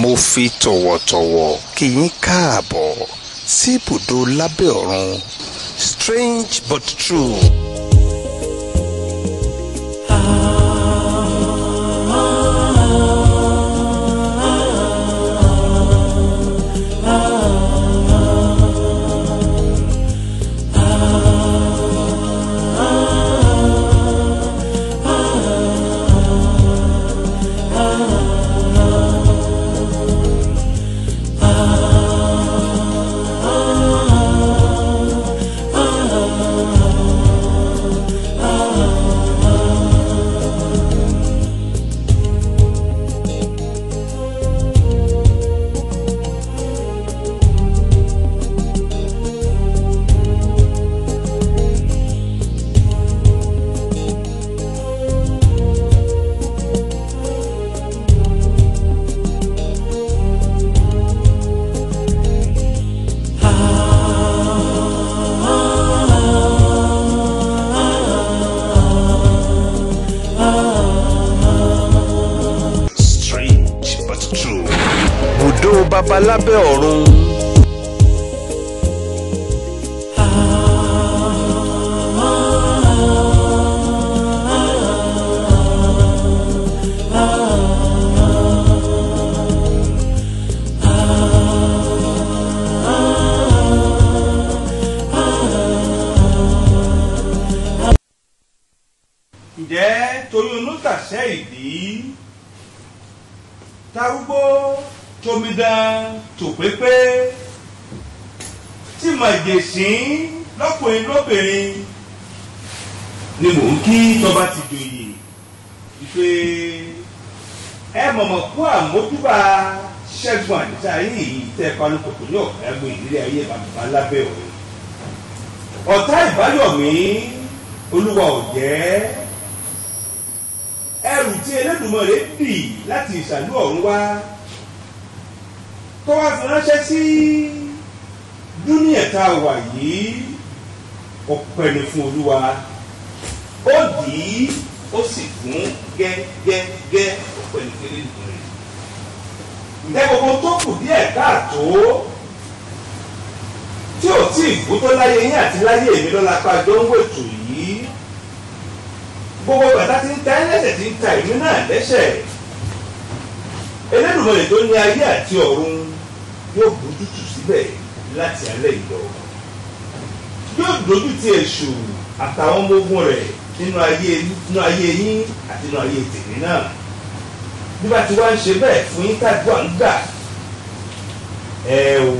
mo fi tọ̀wọ̀tọ̀wọ̀ kí yín káàbọ̀ sí ibùdó lábẹ́ ọ̀run strange but true. babalábẹ́ ọ̀run. ǹjẹ́ Toyin Olútàṣẹ́ ìdí tarúgbó tomidán tòpépé tí màjèṣín lọ́kùnrin lóbìnrin ni mò ń kí tọ́ba ti joyè wípé ẹ mọ̀mọ̀ kú àmójúbà ṣẹ́gun àdìsá yìí tẹ́ ẹ panukòkò ní ọ̀gá gbé ìdílé ayé bàbá lábẹ́ ọ̀run ọ̀tá ìbáyọ̀mí olúwa ọ̀jẹ́ ẹrù tí Elédùmarè dì láti ìsàlú ọ̀run wá kó wá fi ránṣẹ́ sí dúníà tá a wà yìí ọpẹ́ ni fún olúwa ó dì í ó sì gún gẹ́gẹ́gẹ́ ọpẹ́ ni kéré nìkan rẹ̀ ǹjẹ́ gbogbo tó kù díẹ̀ káàtó tí ò tí ì gbótó láyé yín àti láyé èmi lọ́la pa jọ́ńgò ètò yìí gbogbo bàtà ti ń ta ẹlẹ́sẹ̀ ti ń ta ìlú náà lẹ́sẹ̀ Elédùmarè tó ní ayé àti ọ̀run yóò dojútù síbẹ̀ láti alẹ́ ìlọ yóò dojú ti èṣù àtàwọn ọmọ ogun rẹ̀ nínú ayé nínú ayé yín àti nínú ayé tèmi náà bí bá ti wá ń ṣe bẹ́ẹ̀ fún yín kájúà ń gbà ẹ o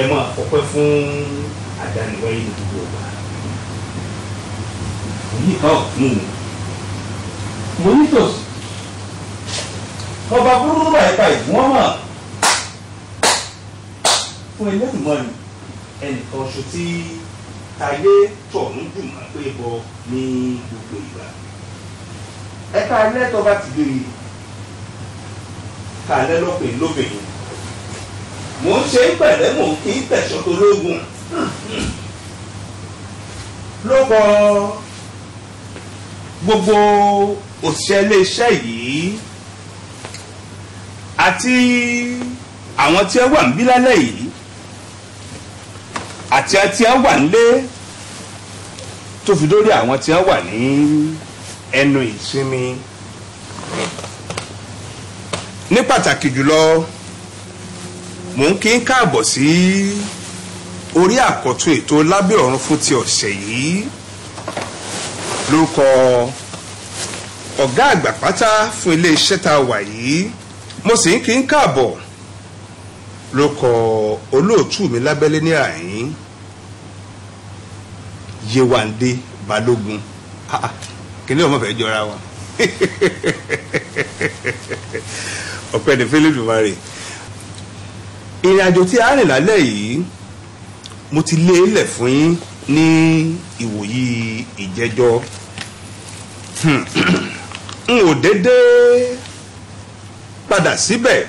ẹ máa fọpẹ́ fún àdániwáyé ní gbogbo ọgbà yìí kan mú un mo nítòsí ọba burúkú báyìí ìgbọ́n mọ́ fún Ẹlẹ́dùmarè ẹnìkan ṣo tí tayé tọ̀hún dùn máa pé bọ ní gbogbo ìgbà ẹ̀ka alẹ́ tó bá ti gbé e kàlẹ́ lọ́pẹ̀ lóbìnrin mò ń ṣe pẹ̀lẹ́ mò ń kí tẹ̀sán tó lóògùn ló kọ gbogbo òṣìṣẹ́ iléeṣẹ́ yìí àti àwọn tí ẹ wà ń bí lálẹ́ yìí àti àti à wà nílé tó fi dórí àwọn tí wọ́n wà ní ẹnu ìsinmi ní pàtàkì jùlọ mò ń kí n káàbọ̀ sí orí àkọ́tún ètò lábẹ́ ọ̀run fún ti ọ̀sẹ̀ yìí lórúkọ ọ̀gá àgbà pátá fún iléeṣẹ́ tá a wà yìí mo sì ń kí n káàbọ̀ lórúkọ olóòtú mi lábẹ́lé ní àyín. Yéwándé Balógun ah, ah, kìnìún ọmọ fẹ́ jọra wa, ọpẹ́ ní fẹlẹdùmarè ìrìn àjò tí a rìn lálẹ́ yìí mo ti lé ilẹ̀ e fún yín ní ìwòyí ìjẹ́jọ́ hmm. n ò déédéé padà síbẹ̀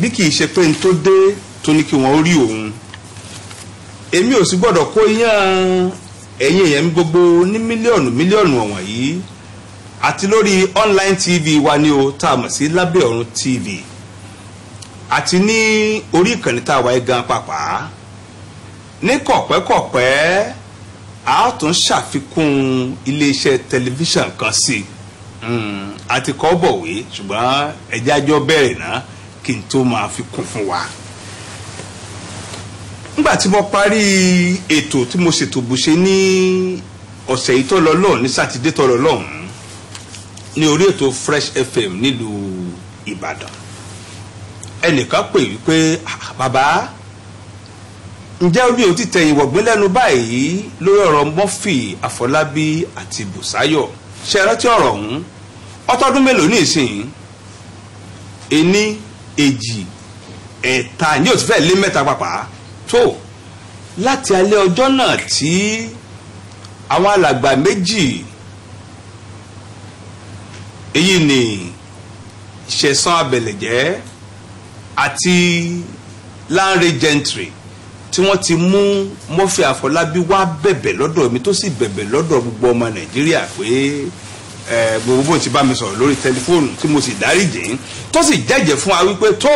bí kì í ṣe pé n tó dé tó ní kí wọ́n rí òun èmi ò sì gbọ́dọ̀ kó iyán ẹ̀yin èèyàn mi gbogbo ní mílíọ̀nù mílíọ̀nù ọ̀wọ̀n yìí àti lórí online tv wa ni o tá a mọ̀ sí lábẹ́ ọ̀run tv àti ní orí ìkànnì tá a wáyé gan pàápàá ní kọ̀pẹ́kọ̀pẹ́ a tún ṣàfikún iléeṣẹ́ tẹlifíṣàn kan sí i àti hmm, kọ́ bọ̀wé ṣùgbọ́n ẹ̀jẹ̀ àjọ bẹ̀rẹ̀ náà kí n tó máa fi kún fún wa nígbà tí mo parí ètò tí mo ṣètò bùṣe ní ọ̀sẹ̀ yìí tó lọ lọ́hùn ní sátidé tó lọ lọ́hùn ní orí ètò Fresh FM nílùú Ìbàdàn ẹnìkan pè wípé ah, bàbá ǹjẹ́ omi ò ti tẹ̀yìn wọ̀gbìn lẹ́nu báyìí lórí ọ̀rọ̀ Murphy Àfọlábí àti Bùsáyọ̀ ṣe rántí ọ̀rọ̀ ọ̀hún ọtọ́dún mélòó ní ìsìn ení èjì ẹ̀ta ní òtún fẹ́ẹ́ lé mẹ́ta pàápàá tó láti alẹ́ ọjọ́ náà tí àwọn alàgbà méjì èyí ni ṣẹ̀san abẹ̀lẹ̀jẹ́ àti Lanre Gentry tí wọ́n ti mú Murphy Àfọlábí wá bẹ̀bẹ̀ lọ́dọ̀ mi tó sì bẹ̀bẹ̀ lọ́dọ̀ gbogbo ọmọ Nàìjíríà pé gbogbo bó ti bá mi sọ̀rọ̀ lórí tẹlifóònù tí mo sì dáríjì tó sì jẹ́jẹ̀ fún wa wípé tó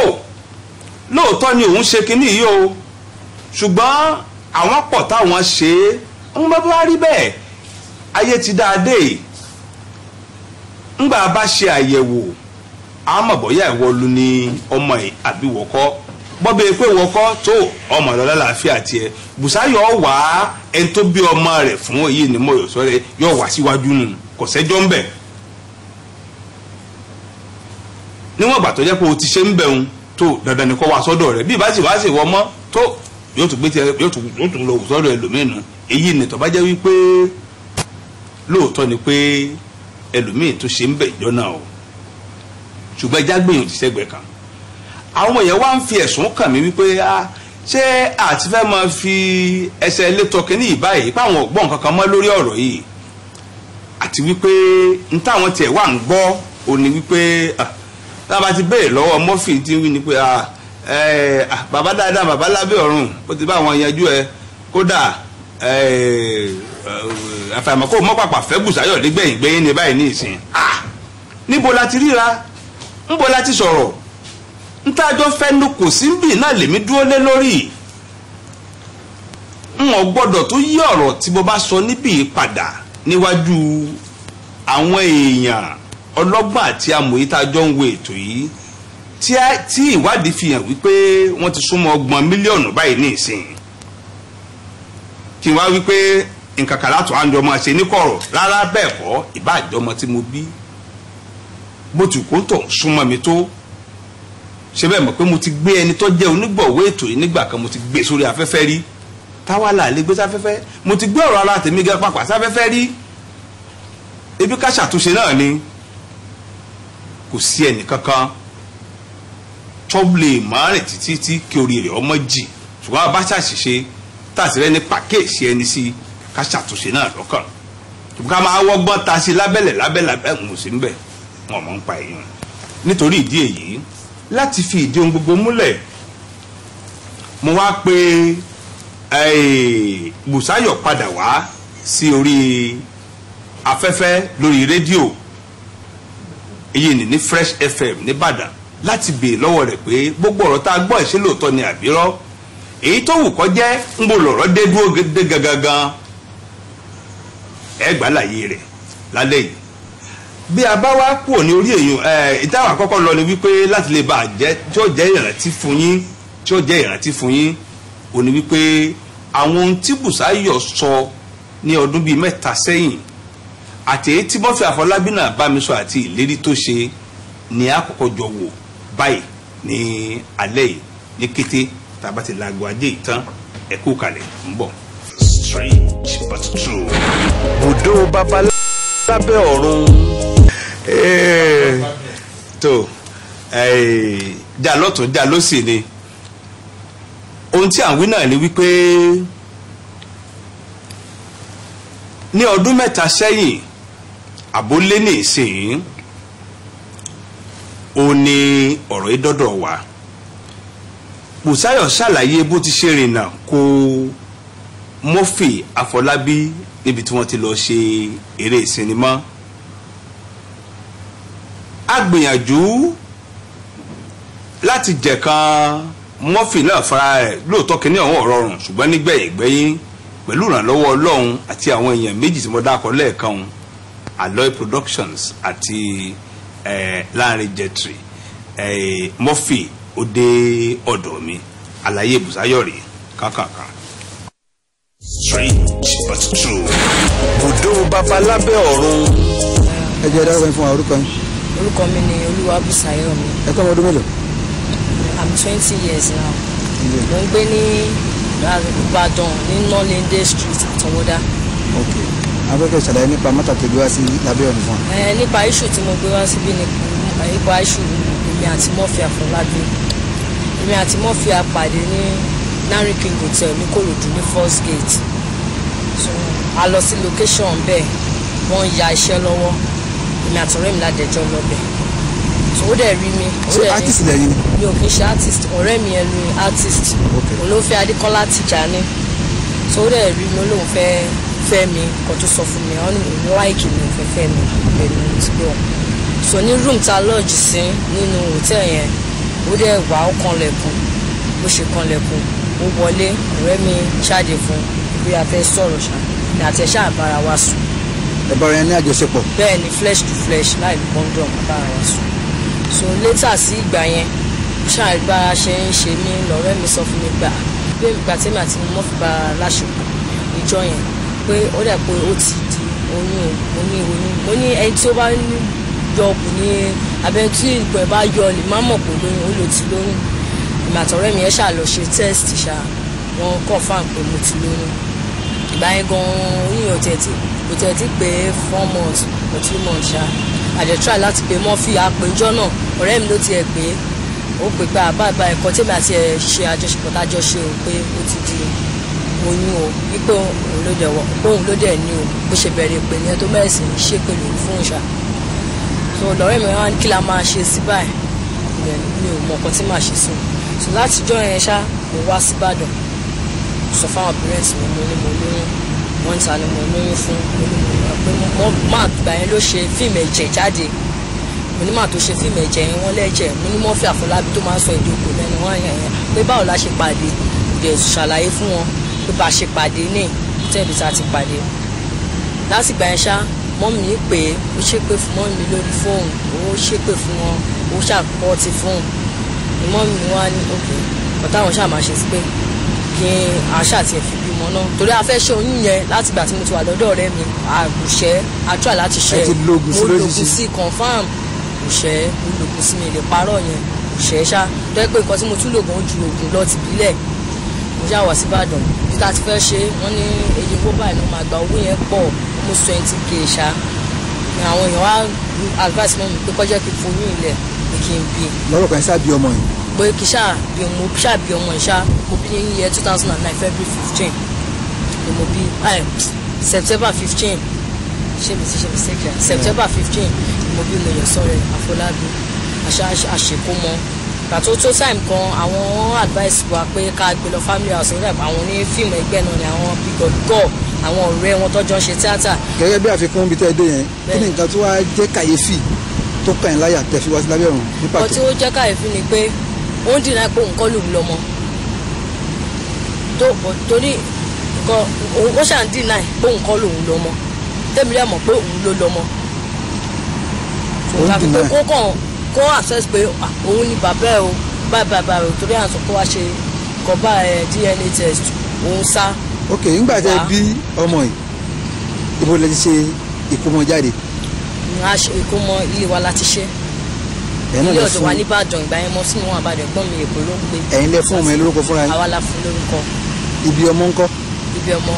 lóòótọ́ ni òun ṣe kinní yìí o ṣùgbọ́n àwọn pọ̀ táwọn ṣe é wọn bá bá rí bẹ́ẹ̀ ayé ti dáadé ńgbà bá ṣe àyẹ̀wò àmọ́ bóyá ìwọ lu ni ọmọ yìí àbí wọ́kọ́ bọ́bẹ̀ pé wọ́kọ́ tó ọmọ ìlọ́lá làáfíà tiẹ̀ Bùsáyọ̀ wá ẹni tó bí ọmọ rẹ̀ fún èyí ni Mọ́yọ̀sọ́rẹ́ yọ̀ wá síwájú nù kò sẹ́jọ́ ń bẹ̀ níwọ̀n ìgbà tó jẹ́ pé o ti ṣe ń bẹ̀ ń tó dandan ni kó wá sọ́dọ̀ rẹ̀ bí ìbá sì wá sì wọ́ mọ́ tó yóò tún gbé tí yóò tún yóò tún lọ sọ́dọ̀ ẹlòmíì nù èyí ni tó bá jẹ́ wípé lóòótọ́ ni pé ẹlòmíì tó ṣe ń bẹ̀ jọ náà o ṣùgbọ́n ẹja gbìyànjú ti sẹ́gbẹ̀ẹ́ kan àwọn èèyàn wá ń fi ẹ̀sùn kàn mí wípé a ṣé àti fẹ́ máa fi ẹsẹ̀ ilé tọkí ní ìbáyìí páwọn ọ̀gbọ́n kankan mọ́ lórí ọ̀rọ̀ yìí àti wípé n táwọn tiẹ̀ wà ń gbọ́ òní wípé tá a bá ti béèrè lọ́wọ́ mọ́fì ti ni pé a. Ah, bàbá dáadáa bàbá lábẹ́ ọ̀run bó ti bá àwọn yanjú ẹ kódà àfàìmọ̀ kó mọ́pàpà fẹ́ Bùsáyọ̀ nígbẹ̀yìn gbẹ̀yìn ní báyìí ní ìsìn ah, níbo la ti ríra níbo la ti sọ̀rọ̀ ntájọ́ fẹ́nu kò sí ń náà lèmi dúró lé lórí n ò gbọ́dọ̀ tó yí ọ̀rọ̀ tí mo bá sọ níbí padà níwájú àwọn èèyàn ọlọ́gbọ́n àti amòye tájọ́ ń wo ètò yìí tí ìwádìí fi hàn wípé wọ́n ti súnmọ́ ọgbọ̀n mílíọ̀nù báyìí ní ìsìn kí n wá wípé nǹkan kan látọ̀ àjọ ọmọ ṣe ní kọ̀rọ̀ rárá bẹ́ẹ̀ kọ́ ìbáàjọ́ ọmọ tí mo bí bó ti kó tọ̀ súnmọ́ mi tó ṣe bẹ́ẹ̀ mọ̀ pé mo ti gbé ẹni tó jẹ́ onígbọ̀wé ètò yìí nígbà kan mo ti gbé e sórí afẹ́fẹ́ rí táwa là lè gbé sáfẹ́fẹ́ mo ti gbé ọ̀rọ̀ ara tèmi pàpà sáfẹ́fẹ́ rí ebi ká ṣàtúnṣe náà ni kò sí ẹnì kankan tó lè má rìn títí tí kí orí rẹ̀ ọmọ jì ṣùgbọ́n bá ṣàṣìṣe tàṣírẹ́ ní pàkíyèsí ẹni sí ká ṣàtúnṣe náà lọ́kàn ṣùgbọ́n ká máa wọ́gbọ́n ta sí lábẹ́lẹ̀ lábẹ́lábẹ́ òun sí ń bẹ̀ wọn mọ̀ ń pa èèyàn nítorí ìdí èyí láti fi ìdí ohun gbogbo múlẹ̀ mo wá pé Bùsáyọ̀ padà wá sí orí afẹ́fẹ́ lórí rédíò èyí ni ní Fresh FM nìbàdàn láti béè lọ́wọ́ rẹ̀ pé gbogbo ọ̀rọ̀ tá a gbọ́ ìṣe lóòótọ́ ni àbírọ́ èyí tó wù kọ́ jẹ́ ń bo lọ̀rọ̀ dé dúró dé gangan ẹ gbà láàyè rẹ̀ lálẹ́ yìí bí a bá wá kúrò ní orí èèyàn ìtawà àkọ́kọ́ lọ ni wípé láti lè bá a jẹ́ tí ó jẹ́ ìrántí fún yín tí ó jẹ́ ìrántí fún yín ò wípé àwọn ohun tí Bùsáyọ̀ sọ ní ọdún bíi mẹ́ta sẹ́yìn àti èyí tí Murphy Àfọlábí bá mi sọ àti ìlérí tó ṣe ni àkọ́kọ́ jọ wò báyìí ní alẹ́ yìí ní kété tá a bá ti laago ajé yìí tán ẹ kú kalẹ̀ ń bọ̀. strange but true. bùdó babalá lábẹ́ ọ̀run. Eh, tó jà eh, lọ́tún jà lọ́sì ni ohun tí à ń wí náà ni wípé ní ọdún mẹ́ta sẹ́yìn àbólé ní ìsìn yìí ó ní ọ̀rọ̀ yìí dọ́dọ̀ wá Bùsáyọ̀ ṣàlàyé bó ti ṣe rìnnà kó Murphy Afọlábí níbi tí wọ́n ti lọ ṣe eré sinimá a gbìyànjú láti jẹ̀kan Murphy náà fara rẹ̀ lóòótọ́ kìíní ọ̀hún ọ̀rọ̀ ọ̀rùn ṣùgbọ́n nígbẹ̀yìngbẹ̀yìn pẹ̀lú ìrànlọ́wọ́ Ọlọ́run àti àwọn èèyàn méjì tí mo dákọ̀ lẹ́ẹ̀kan Aloy Productions àti láàrin jẹtiri mọ́fì ó dé mi àlàyé ibùsáyọ̀rì kákàkà. strange but true. bùdó babalábẹ́ ọ̀run. ẹ jẹ́ dáhùn fún wa orúkọ yín. orúkọ mi ni olúwa bùsáyọ̀mí. ẹ tọ́ ọmọ ọdún mélòó. i'm twenty years now. mo ń gbé ní ìbàdàn ní nọ́lẹ́ndé street àtọwọ́dá. okay afẹ́fẹ́ ṣàlàyé nípa mọ́tà tó gbé wá sí lábẹ́ ọ̀nà fún wa. ẹ nípa iṣu tí mo gbé wá síbí ni nípa iṣu èmi àti Murphy Afọlábí èmi àti Murphy apàdé ní Narin King Hotel ní Kòròdú ní first gate so a lọ sí location bẹ́ẹ̀ wọ́n ń ya iṣẹ́ lọ́wọ́ èmi àtọ̀rẹ́ mi ládẹjọ́ lọ́bẹ̀ so ó dẹ̀ rí mi. ṣé artist lẹ́yìn ni. mi ò kí ń ṣe artist ọ̀rẹ́ mi ẹnu artist olófẹ́ Adékọ́lá Tìjàní so ó dẹ̀ rí mi olóhùn fẹ́ẹ́ fẹ́ kan tó sọ fún mi wọ́n ní láìkì mi ò fẹ́ fẹ́ mi pẹ̀lú so ní room ta lọ́ọ̀jì sí nínú hòtẹ́ẹ̀ yẹn ó dẹ̀ wà ó kanlẹ̀kùn bó ṣe kanlẹ̀kùn ó wọlé ọ̀rẹ́ mi ṣáde fún bí a fẹ́ sọ̀rọ̀ ṣá ní àtẹ̀ṣà àbára wa sùn. ẹ bára yẹn ní àjọṣepọ̀. bẹ́ẹ̀ ni flesh to flesh láì kọ́ńdọ̀m àbára wa sùn so later sí ìgbà yẹn ṣàgbára ṣe ń ṣe mí lọ́rẹ́ mi sọ fún mi gbà bí ìgbà tèmi àti mo fi bá a láṣepọ̀ ìjọ yẹn pé ó dẹ̀ pé ó ti di oyún ẹ̀ mo ní oyún mo ní ẹni tí ó bá yọ kù ní abẹ́ tí ìpò bá yọ lè má mọ̀ pé lóyún ó lò ti lóyún ìmọ̀ mi ẹ̀ ṣà lọ ṣe test ṣá wọn confirm pé mo ti lóyún ìgbà gan-an oyún ò tí kò tẹ̀ tí pé four months or three months ṣá àdẹ̀ try láti pé mọ́fì àpéjọ náà ọ̀rẹ́ mi ló tiẹ̀ pé ó pè pé àbá ìgbà ẹ̀kọ́ tèmi àti ẹ̀ ṣe àjọṣepọ̀ tájọ ṣe ò pé ó ti di oyún o wípé òun ló dẹ̀ wọ̀ pé òun ló dẹ̀ ní o bó ṣe bẹ̀rẹ̀ pé ní ẹ tó mẹ́rin sì ń ṣe pẹ̀lú fún ìṣà so lọ́rẹ́ mi wá ní kí la máa ṣe sí báyìí mi ò mọ̀ ọ̀kan tí màá ṣe sùn so látijọ́ yẹn ṣá mo wá sí Ìbàdàn sọ fáwọn parents mi mo ní mo lóyún wọ́n ń ta ni mo lóyún fún mo ní mo pé máa gbà yẹn ló ṣe fíìmù ẹ̀jẹ̀ jáde mo ní máa tó ṣe fíìmù ẹ̀jẹ̀ yẹn wọ́n lẹ́jẹ̀ mo ní Murphy Àfọlábí tó máa ń sọ èdè òkò lẹ́nu wọ́n yẹn pé báwo la ṣe pàdé ìdẹ̀ ṣàlàyé fún wọn bí bá ṣe pàdé ní tẹ́ẹ̀bí tá a ti pàdé látìgbà yẹn ṣá mọ́mì mi pè é ó ṣépè fún mọ́mì mi lórí fóònù ó ṣépè fún wọn ó ṣàpọ̀ ti fóònù ni mọ́mì mi wá ní òkè ọ̀tá àwọn ṣáà máa ṣe sí pé kí àṣà tiẹ̀ fi bímọ náà torí a fẹ́ ṣe oyún yẹn látìgbà tí mo ti wà lọ́dọ̀ ọ̀rẹ́ mi àgùṣẹ́ àtúrà láti ṣe mo lògùn sí confam òṣẹ́ mo lògùn sí mi lè parọ́ yẹn òṣẹ́ ṣá tó yẹ pé nǹkan tí mo tún lògùn ó ju ògùn lọ tìbílẹ̀ já wá síbàdàn bí tá a ti fẹ́ ṣe wọ́n ní èyí owó báyìí ló máa gba owó yẹn pọ̀ almost twenty k ṣá àwọn èèyàn wá advice mọ́ mi pé kọjá kí n forí ilẹ̀ pé kí n bí. lọ́rọ̀ kan ṣáà bí ọmọ yìí. pé kí ṣáà bí ọmọ ṣáà bí ọmọ yìí mo bí ní year two thousand and nine february fifteen ni mo bí september fifteen ṣé mi ti ṣe mistake yà september fifteen ni mo bí mo yàn sọ̀rọ̀ àfọlábí àṣà àṣekúmọ́ pàtó tó time kan àwọn advice wa pé ká gbé lọ family house nígbà àwọn ní fíìmù ẹgbẹ́ náà ni àwọn bigọ̀dùgọ̀ àwọn ọ̀rẹ́ wọn tọ́jọ́ ń ṣe tíátà. gẹ́gẹ́ bí àfikún ibi tẹ́ ẹ dé yẹn kí ni nǹkan tó wá jẹ́ kàyéfì tó kàn yín láyà tẹ́ fi wá sí lábẹ́ ọ̀run ní pàtó. ọtí ó jẹ́ kàyéfì ni pé ó ń dìnnà pé òun kọ́ lòun lọ́mọ torí nǹkan ó ṣàn dìnnà pé òun kọ́ lòun lọ́mọ tẹ́mi rẹ̀ mọ̀ pé òun ló lọ́mọ. ó ń dìnnà kó access pé ah, òun ni bàbá ẹ o báyìí báyìí báyìí torí àǹsọ kó wá ṣe kọba DNA test òun sá. ok ńgbà tẹ bí ọmọ yìí ibo lẹ ti ṣe ìkómọ jáde. a ṣe ìkómọ ilé wa la ti ṣe ilé ọ̀dọ̀ wa nìbàdàn ìgbà yẹn mọ sínú wọn àbàdàn ẹ̀gbọ́n mi èkó ló ń gbé. ẹ̀yin lẹ fún ọmọ yẹn lórúkọ fúnra yín. àwa la fún lórúkọ. ibi ọmọ ńkọ́. ibi ọmọ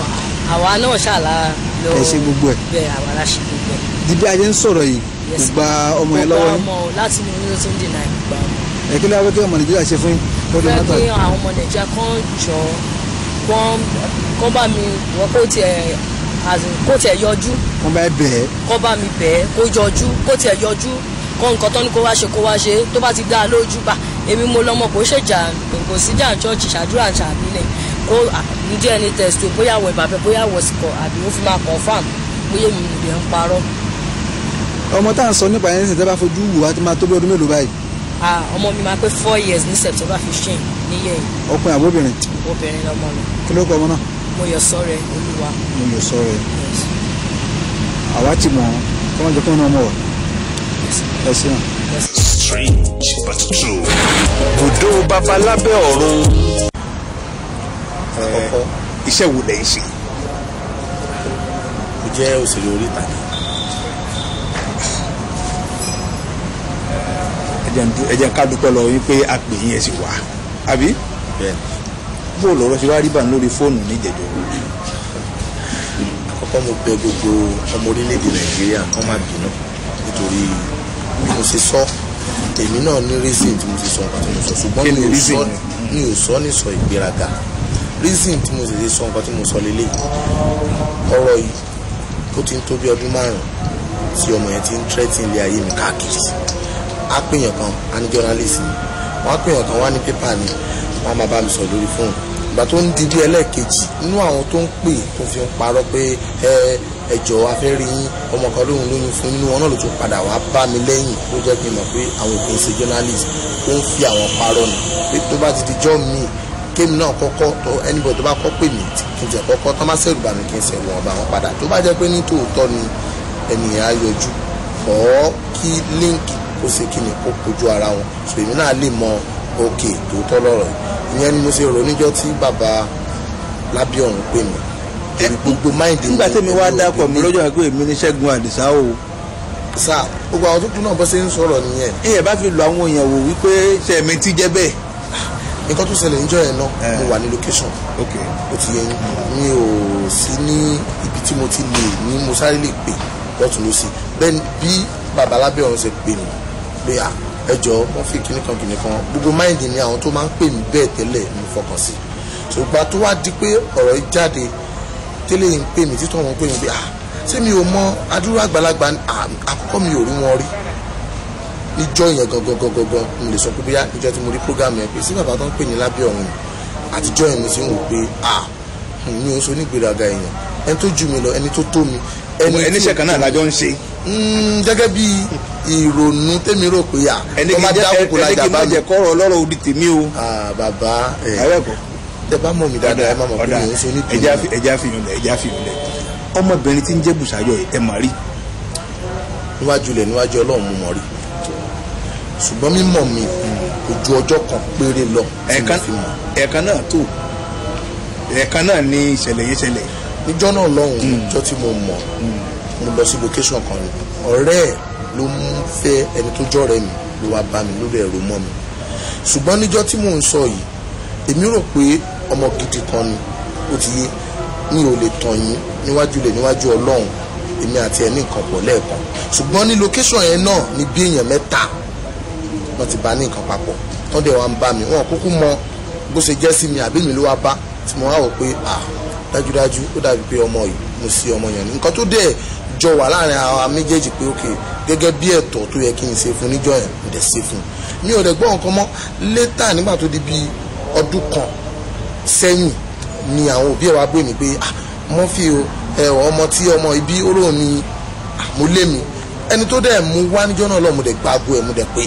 àwa náà ṣàlàyé. ẹ ṣe gbogbo ẹ. bẹ́ẹ̀ àwa la ṣe gbogbo ẹ. ibi ajé ń sọ̀rọ̀ yìí gbogbo ọmọ yẹn lọ́wọ́ yín. gbogbo ọmọ láti ní oyún tó ń dènà ìgbà ọmọ. ẹ kí ló wá pé kí ọmọ nàìjíríà ṣe fún yín. mo fẹ́ kí àwọn ọmọ nàìjíríà kan jọ kán bá mi wọ́n kó tiẹ̀ kó tiẹ̀ yọjú. kán bá bẹ̀ ẹ́. kán bá mi bẹ̀ ẹ́ kó yọjú kó tiẹ̀ yọjú kó nǹkan tó ní kó wá ṣe kó wá ṣe tó bá ti dá a lójú pa èmi mo lọ́mọ kò ṣèjà kò síjà ṣọ́ọ̀ṣì ṣàdúrà ṣàbílẹ̀ kó ní DNA test bóyá wọ ìbàfẹ́ bóyá wọ síkọ̀ àbí ó fi máa confam bóyá èmi nìyẹn ń parọ́ ọmọ tá à ń sọ nípa ẹni sìn bá fojú wù wá ti máa tó bí ọdún mélòó báyìí. ọmọ mi máa pé four years ní September fifteen níyẹ yìí. ọkùnrin àbóbìnrin. obìnrin lọmọ mi. kí ló kọ ọmọ náà. mo yọ sọrẹ olúwa. mo yọ sọrẹ. àwa ti mọ kọ́mọ jẹ́ kọ́mọ náà mọ̀ wá. ẹ ṣeun. strange but true. bùdó babalábẹ́ ọ̀run. iṣẹ́ wo lẹ̀ ń ṣe. mo jẹ́ òṣèré orí ìtàgé. ẹ̀jẹ̀ ká dúpẹ́ lọ yín pé a pè yín ẹ̀ sì wá àbí. bó lọ́rọ̀ ṣe wá rí bàn lórí fóònù níjẹ̀jọ́. àkọ́kọ́ mo bẹ̀ gbogbo ọmọ orílẹ̀-èdè nàìjíríà kó má bínú nítorí mo ṣe sọ èmi náà ní reason tí mo ti sọ nǹkan tí mo sọ ṣùgbọ́n mi ò sọ ní sọ ìgbéraga reason tí mo sì ṣe sọ nǹkan tí mo sọ lélẹ̀ ọ̀rọ̀ yìí ó ti ń tó bí ọdún márùn-ún tí ọmọ yẹn ti ń tẹ́tí ilé ayé mi káàkiri á pèèyàn kan á ní journalist ni wọ́n kan wá ní pépà ni wọ́n máa bá mi sọ lórí fóònù ìgbà tó ń didi ẹlẹ́ẹ̀kejì nínú àwọn tó ń pè tó fi ń parọ́ pé ẹ ẹjọ́ afẹ́rí ọmọ kan lóhun lóyún fún nínú wọn náà ló tún padà wá bá mi lẹ́yìn ló jẹ́ pé mọ̀ pé àwọn òkè ń ṣe journalist ó ń fi àwọn parọ́ ni pé tó bá ti di jọ́ mi kémi náà kọ́kọ́ tó anybody tó bá kọ́ pè mí kí kọ́kọ́ tó má sẹ́rù bá kí n sẹ́ wọ́n bá wọn padà tó bá jẹ́ pé ní tòótọ́ ni ènìyàn á yọjú ọ̀ kí líǹkì kó ṣe kí ni kó kojú ara wọn so èmi náà lè mọ òkè tó tọ́ lọ́rọ̀ ìyẹn ni mo ṣe rò níjọ́ tí bàbá lábíọ̀rùn pè mí gbogbo máìndì mi. nígbà tẹ́mi wá dápọ̀ mi lọ́jọ́ àgbẹ̀ mi ní Ṣẹ́gun Àdìsá o. sá gbogbo àwọn tó kú náà bọ́ sí ń sọ̀rọ̀ nìyẹn. ìyẹn bá fi lọ àwọn èèyàn wò wípé sẹ̀mí ti jẹ́ bẹ́ẹ̀. nǹkan tó ṣẹlẹ̀ níjọ́ yẹn náà eh. mo wà ní location. ó ti yẹ mi ò sí ní ibi tí mo ti lè ní mo sáré lè pè lọ́tún lọ́sí bẹ́ẹ̀ bí babalábẹ́ ṣe pè mí pé à ẹjọ wọn fi kíní kan kíní kan gbogbo máìndì ni àwọn tó máa ń pè mí bẹ́ẹ̀ tẹ́lẹ̀ mo fọkàn sí ṣùgbọ́n tó wá di pé ọ̀rọ̀ yìí jáde tẹ́lẹ̀ yìí ń pè mí títọ́ wọn pè mí pé à ah, ṣé mi ò mọ adúrú àgbàlagbà ah, àkọ́kọ́ mi ò rí wọn rí níjọ́ yẹn gangan gangan gan mo lè sọ pé bóyá ìjọ tí mo rí programu yẹn pé sí bàbá tó ń pè ní lábẹ́ ọ̀run àtijọ́ yẹn mo ti ń wò pé à ah, mi ò sọ nígbèraga èèyàn ẹni tó jù mí lọ ẹni tó tó mi ẹníṣẹ́ kan náà lájọ ń ṣe. Hmm, gẹ́gẹ́ bí ìrònú tèmi rò pé à ọmọ dákòókò lajà bá mi. ẹnìkì máa jẹ kọ́rọ̀ ọlọ́rọ̀ odi tèmi o. bàbá ẹ ẹ bá mọ̀ mí dáadáa ẹ má mọ̀ pé mò ń so ní tèmi. ẹja fìyàn lẹ ẹja fìyàn lẹ ọmọbìnrin tí ń jẹ́ Bùsáyọ̀ ẹ mà rí. níwájú ilẹ̀ níwájú ọlọ́run mo mọ̀ rí ṣùgbọ́n mímọ̀ mi kò ju ọjọ́ kan péré lọ tí mo fi mọ̀. ẹ̀ẹ̀kan náà tó ẹ̀ẹ̀kan náà ní ìṣẹ̀lẹ̀ níjọ́ náà lọ́hùn-ún hmm. jọ́ tí mo mọ̀ mo lọ sí location kan ni ọ̀rẹ́ ẹ̀ ló ń fẹ́ ẹni tó jọ̀rẹ́ mi ló wá bá mi lórí ẹ̀rọ mọ́ mi ṣùgbọ́n níjọ́ tí mò ń sọ yìí èmi rò pé ọmọ gidi kan ni ó ti yé mi ò lè tàn yín níwájú lè níwájú ọlọ́run èmi àti ẹ̀ ní nǹkan pọ̀ lẹ́ẹ̀kan ṣùgbọ́n ní location yẹn náà ni bí èèyàn mẹ́ta wọ́n ti bá ní nǹkan papọ̀ tọ́ndẹ̀ wa ń bá mi wọn kúkú mọ bó ṣe jẹ́ sí mi àbí mi ló wá bá tí mo wá wò pé ah dájúdájú ó dàbí pé ọmọ yìí mo sí ọmọ yẹn nǹkan tó dẹ̀ jọ wà láàrin àwọn méjèèjì pé ok gẹ́gẹ́ bí ẹ̀tọ́ tó yẹ kí n ṣe fún níjọ́ yẹn mo dẹ̀ ṣe fún mi ò dẹ̀ gbọ́ nǹkan mọ́ létà nígbà tó di bíi ọdún kan sẹ́yìn ni àwọn òbí ẹ̀ wá pè mí pé ah mọ́fì o ẹ̀wọ̀ ọmọ tí ọmọ ibi olóò ni mo lé mi ẹni tó dẹ̀ mú wá níjọ́ náà lọ mo dẹ̀ gbago ẹ̀ mo dẹ̀ pé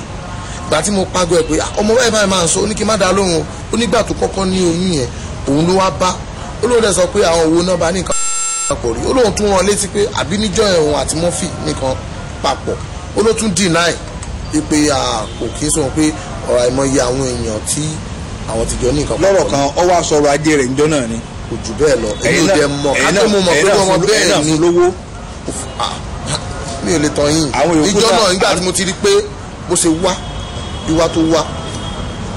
ìgbà tí mo pago ẹ̀ pé ah, ọmọ báyìí báyìí máa ń sọ ó ní kí n má dá lóhùn ó nígbà tó kọ́kọ́ ní oyún yẹn òun ló wá bá olóòdẹ sọ pé àwọn òwò náà bá ní nǹkan papọ̀ rí olóhùn tún rán létí pé àbí níjọ́ ẹ̀hún àti murphy nìkan papọ̀ olótún deny pé kò kí n sọ pé ọ̀rọ̀ àìmọye àwọn èèyàn tí àwọn ti jọ ní lọ́rọ̀ kan ó wá sọ̀rọ̀ ajé rẹ̀ níjọ́ náà ni. kò jù bẹ́ẹ̀ lọ èyí ò dẹ mọ̀ àti mo mọ̀ pé ọmọ bẹ́ẹ̀ ni mi ò lè tọ́ ìjọ náà nígbà tí mo ti rí pé bó ṣe wá ìwà tó wá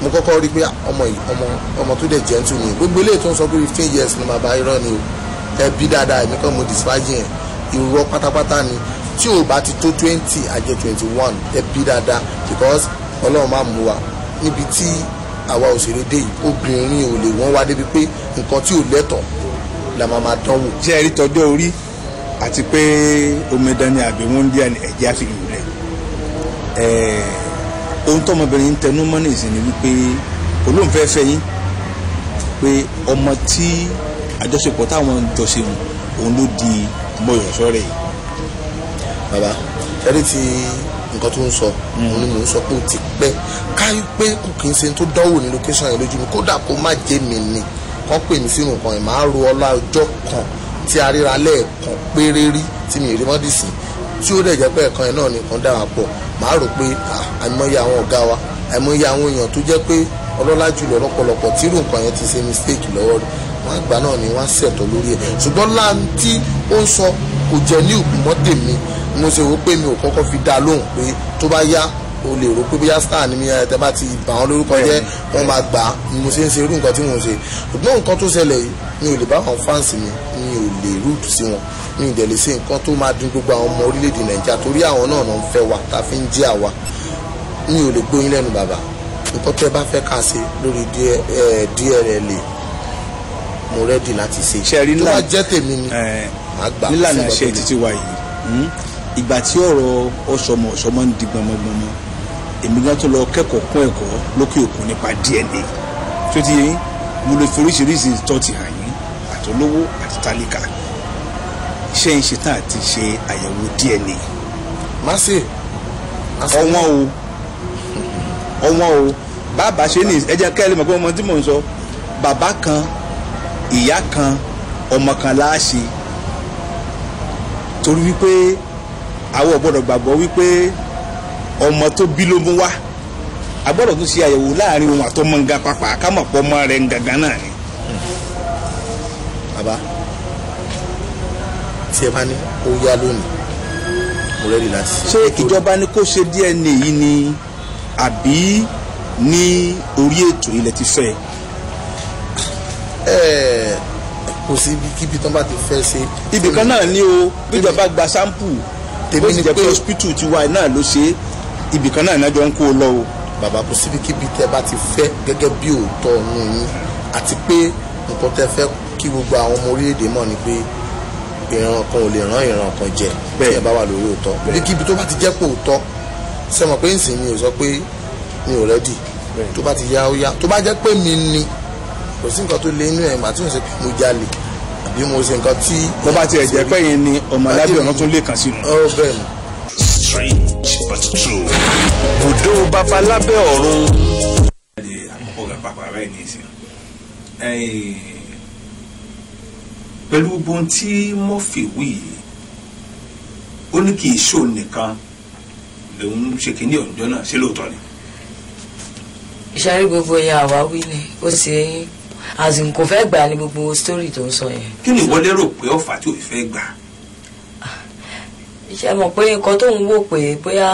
mo kọ́kọ́ rí pé ọmọ yìí ọmọ ọmọ tó dẹ̀ gentle ni gbogbo eléyìí tó ń sọ pé fifteen years ni bàbá irọ́ ni o ẹbí dáadáa èmi kan mo disparage yẹn irọ́ pátápátá ni tí o bá ti tó twenty àjẹ twenty one ẹbí dáadáa because ọlọ́run máa mú wa níbi tí àwa òṣèré dé yìí obìnrin ò lè wọ́n wá débi pé nǹkan tí ò lẹ́tọ̀ọ́ la máa máa dánwò. ṣé ẹ rí tọjọ́ orí àti pé omidan ni àbí wọ́n ń díà ní ẹ̀jẹ̀ àfihàn rẹ̀ ẹ̀ẹ́ ohun tọmọbìnrin ń tẹnu mọ́ nìsín ni wípé olóhùn fẹ́ fẹ́ yín pé ọmọ tí àjọṣepọ̀ táwọn jọ ṣe òun ló di mọ̀yọ̀sọ́ rẹ̀ yìí. bàbá ẹni tí nǹkan tó ń sọ hmm. òun ni mò ń sọ pé ó ti pẹ́ káyí pé kò kì í ṣe tó dánwò ní location yẹn lójú mi kódà kó má jẹ́ mi ni kán pè mí sínú nǹkan yẹn máa ro ọlá ọjọ́ kan tí a ríra lẹ́ẹ̀kan péré rí tí mi ì rí mọ́dìsìn tí ó dẹ̀ jẹ́ pé ẹ̀kan yẹn náà nìkan dára pọ̀ rò pé àìmọye àwọn ọ̀gá wa àìmọye àwọn èèyàn tó jẹ́ pé ọlọ́lá jùlọ lọ́pọ̀lọpọ̀ tí irú nǹkan yẹn ti ṣe mistake lọ́wọ́ rẹ̀ wọ́n àgbà náà ni wọ́n á ṣẹ̀tọ́ lórí ẹ̀ ṣùgbọ́n láǹtí ó ń sọ kò jẹ́ ní ìgbìmọ̀ tèmi mo ṣe wò pé mi ò kọ́kọ́ fi dá lóhùn pé tó bá yá o lè rò pé bóyá star ni mi ẹ tẹ bá ti bà wọn lórúkọ jẹ́ wọn máa gbà ni mo ṣe ń ṣe irú nǹkan tí mo ń ṣe ṣùgbọ́n nǹkan tó ṣẹlẹ̀ yìí mi ò lè bá àwọn fans mi mi ò lè root sí wọn mi ò dẹ̀ lè ṣe nǹkan tó máa dùn gbogbo àwọn ọmọ orílẹ̀-èdè nàìjíríà torí àwọn náà náà ń fẹ́ wa tá a fi ń jẹ́ àwa mi ò lè gbóyin lẹ́nu bàbá nǹkan tẹ́ bá fẹ́ ká ṣe lórí DRLA mo rẹ́dì láti ṣe tó bá jẹ́ tèmi ni àgbà nílànà iṣẹ́ títí wa yìí hmm? ìgbà tí ọ̀rọ̀ ọ̀ṣọ́mọ̀ ọ̀ṣọ́mọ̀ ń èmi gan tó lọ kẹ́kọ̀ọ́ kún ẹ̀kọ́ lókè òkun nípa DNA tó ti yẹ mo lè foríṣiríṣi tọ́tì hàn yín àtolówó àti tálíkà iṣẹ́ ń ṣe tán àti ṣe àyẹ̀wò DNA. má ṣe ọwọ́n o ọwọ́n o bàbá ṣe ní ẹ̀jẹ̀ kẹ́lẹ́ mọ̀ pé ọmọ tí mò ń sọ bàbá kan ìyá kan ọmọ kan láàṣe torí wípé àwọn ò gbàgbọ́ wípé ọmọ tó bí ló mú wá a gbọ́dọ̀ tún ṣe àyẹ̀wò láàrin òun àtọmọ nga papà kámọ̀ pọ̀ mọ́ rẹ̀ gangan náà ni. bàbá tí ẹ bá ní ó yá lónìí mo rẹ́ẹ̀dì láti. ṣé ìjọba ni kó ṣe DNA yìí ni àbí ní orí ètò ilẹ̀ ti fẹ́. ẹ̀ẹ́ kò sí kíbi tán bá ti fẹ́ ṣe. ibìkan náà ni o bíjọba gba sáǹpù tèmi ni pé hospital tiwa náà ló ṣe é ibì kan náà ìnájọ ń kó o lọ o. bàbá kò síbi kíbi tẹ bá ti fẹ́ gẹ́gẹ́ bí òótọ́ ọ̀nù yín àti pé nǹkan tẹ fẹ́ kí gbogbo àwọn ọmọ orílẹ̀-èdè mọ̀ ni pé ìran kan ò lè ràn ìran kan jẹ bẹ́ẹ̀ bá wà lórí òótọ́ bí kíbi tó bá ti jẹ́ pé òótọ́ sẹ́mọ̀ pé nsìn mi ò sọ pé mi ò rẹ́dì tó bá ti yá ó yá tó bá jẹ́ pé mi ni kò sí nǹkan tó lé inú ẹ̀ màá tí mo ṣe pé mo jalè àbí mo ṣe nǹkan tí. bó bá tiẹ̀ jẹ́ pé ni ọmọ alábí ọ̀nà lè kàn sínú. ọ bẹ́ẹ̀ ni part two Budo babalábẹ́ ọ̀run. àkókò rẹ̀ pàpà rẹ̀ ní ìsìn pẹ̀lú gbogbo tí Murphy wí yìí ó ní kì í ṣó nìkan lòun ṣe kí ní ọ̀jọ́ náà ṣe lóòótọ́ ni. ìṣàrí gbogbo ẹ̀yà àwáwí ni ó ṣe àsìkò fẹ́ gbà ní gbogbo sítórì tó ń sọ yẹn. kí ni ìwọ lérò pé ọ̀fà tí ò fẹ́ gbà ṣe mọ̀ pé nǹkan tóun wò pé bóyá